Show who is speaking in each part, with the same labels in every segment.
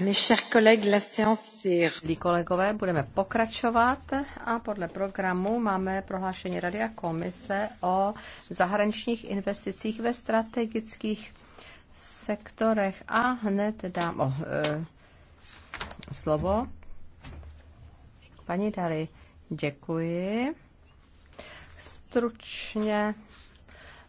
Speaker 1: Milí kolegové, budeme pokračovat a podle programu máme prohlášení Rady a komise o zahraničních investicích ve strategických sektorech a hned dám oh, e, slovo. Paní Dali, děkuji. Stručně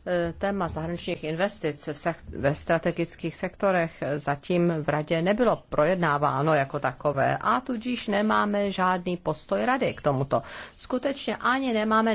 Speaker 1: E, téma zahraničních investic ve strategických sektorech zatím v radě nebylo projednáváno jako takové a tudíž nemáme žádný postoj rady k tomuto. Skutečně ani nemáme